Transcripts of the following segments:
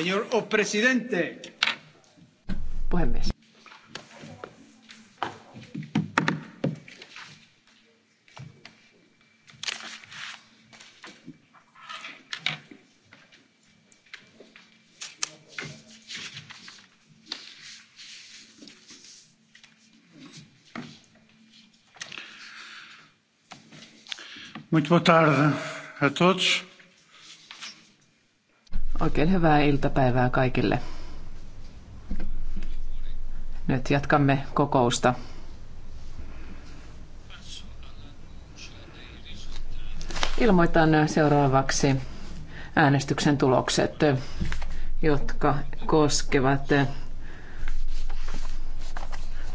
Señor o presidente. Puhemies. Muito boa tarde a todos. Oikein hyvää iltapäivää kaikille. Nyt jatkamme kokousta. Ilmoitan seuraavaksi äänestyksen tulokset, jotka koskevat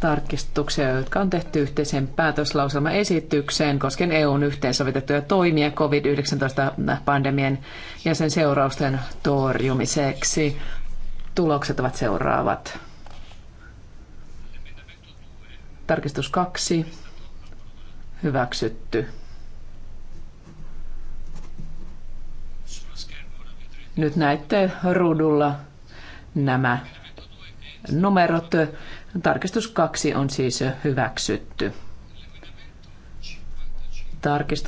tarkistuksia, jotka on tehty yhteisen päätöslauselmaesitykseen koskien EUn yhteensovitettuja toimia COVID-19-pandemian ja sen seurausten torjumiseksi. Tulokset ovat seuraavat. Tarkistus kaksi Hyväksytty. Nyt näette ruudulla nämä numerot. Tarkistus 2 on siis hyväksytty. Tarkistus